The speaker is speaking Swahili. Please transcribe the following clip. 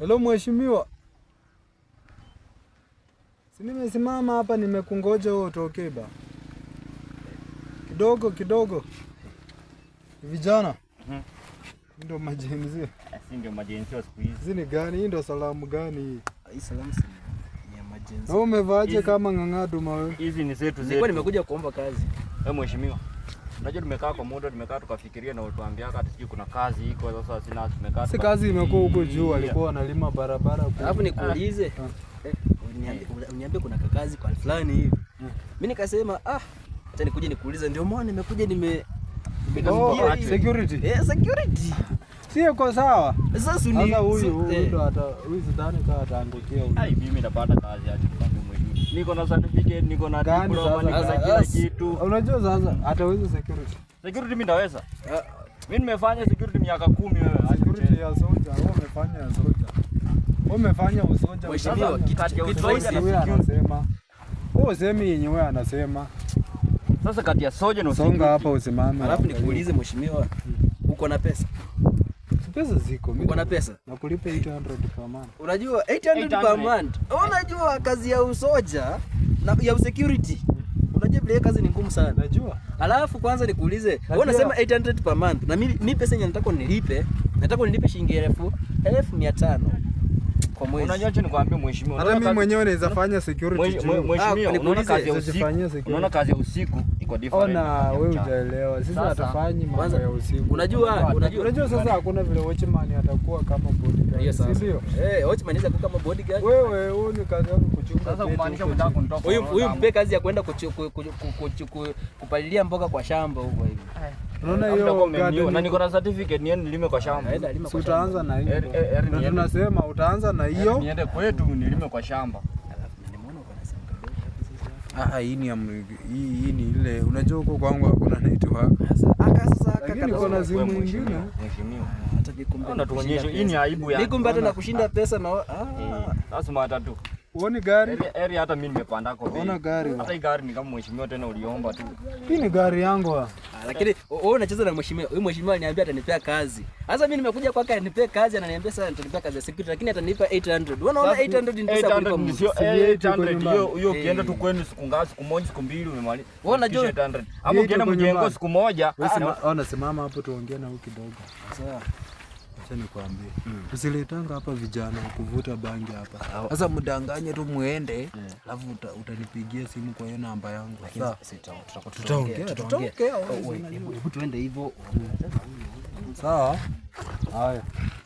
Hello mheshimiwa, si nimesimama hapa nimekungoja wewe utoke ba kidogo kidogo. Vijana Mhm. mm -hmm. Ndio majenzi wa siku hizi Zini gani? ndio salamu gani hii? Wewe umevaaje kama ng'ang'adu mawe? Hizi ni zetu zetu. Nilikuwa Nimekuja kuomba kazi. Wewe eh, mheshimiwa Unajua tumekaa kwa muda, tumekaa tukafikiria na utuambia ati sijui kuna kazi iko sasa, sina tumekaa. Si kazi imekuwa huko juu, mm. alikuwa analima barabara. huko. Alafu nikuulize, ah. Eh, uniambie kuna kazi kwa fulani hivi. Mimi mm. nikasema ah, acha nikuje nikuulize, ndio maana nimekuja nime oh, ah, security. Eh, security. Sio kwa sawa. Sasa huyu huyu eh. ndo hata huyu sidhani kama ataangukia huyu. Ai, mimi napata kazi acha niko na certificate, niko na diploma, niko na kila kitu. Unajua sasa ataweza security. Security mimi ndaweza. Ah. Mimi nimefanya security miaka 10 wewe. Security ya soja, wewe umefanya ya soja. Wewe umefanya usoja. Mheshimiwa, kitu wewe anasema. Wewe usemi yenye wewe anasema. Sasa kati ya soja na usoja. Songa hapa usimame. Alafu nikuulize mheshimiwa, uko na pesa? pesa ziko mimi. Wana pesa. Nakulipa 800 per month. Unajua 800 per month. Unajua kazi ya usoja na ya security. Unajua vile kazi ni ngumu sana. Najua. Alafu kwanza nikuulize, wewe unasema 800 per month na mimi mimi pesa yenye nataka nilipe, nataka nilipe shilingi 1000, 1500 kwa mwezi. Unajua acha nikwambie mheshimiwa. Hata mimi mwenyewe naweza fanya security. Ah, mheshimiwa, unaona kazi ya usiku. Unaona kazi ya usiku iko different. Ona oh, wewe hujaelewa. Sisi hatufanyi mambo ya usiku. Unajua, unajua. Unajua sasa hakuna vile watchman atakuwa kama bodyguard. Si ndio? Eh, watchman anaweza kuwa kama bodyguard. Wewe, wewe ni kazi yako kuchunga. Sasa kumaanisha unataka kunitoka. Huyu huyu mpe kazi ya kwenda kupalilia mboga kwa shamba huko hivi. Unaona hiyo garden na niko na certificate niende nilime kwa shamba. Si utaanza na er, hiyo. Er, er, na tunasema utaanza na hiyo. Niende kwetu nilime kwa shamba. Ah, ah, hii ni hii hii ni ile unajua huko kwangu hakuna network. Sasa aka sasa aka kana niko na simu nyingine. Mheshimiwa. Ah, hata vikumbe. Unatuonyesha hii ni aibu ya. Nikumbe hata na kushinda pesa na ah. ah. Lazima hata tu. Uone gari? Eri hata mimi nimepanda kwa bei. Unaona gari? Hata hii gari ni kama mheshimiwa tena uliomba tu. Hii ni gari yangu. Ah, lakini wewe unacheza na mheshimiwa. Huyu mheshimiwa aliniambia atanipea kazi. Sasa mimi nimekuja kwake anipea kazi, ananiambia sasa atanipea kazi ya security lakini atanipa 800. Wewe Unaona 800 ni pesa kuliko mimi. Sio 800. Eh, hiyo hiyo ukienda tu eh. kwenu siku ngapi? Siku moja, siku mbili umemaliza. Wewe unajua 800. Hapo ukienda mjengo siku moja. Wewe simama hapo tuongee na huyu kidogo. Sawa. Acha nikwambie mm. Usiletanga hapa vijana kuvuta bangi hapa. Sasa mdanganye tu muende, alafu yeah. utanipigia simu kwa hiyo namba yangu. tutaongea. Oh, Hebu tuende hivyo. Sawa. Haya.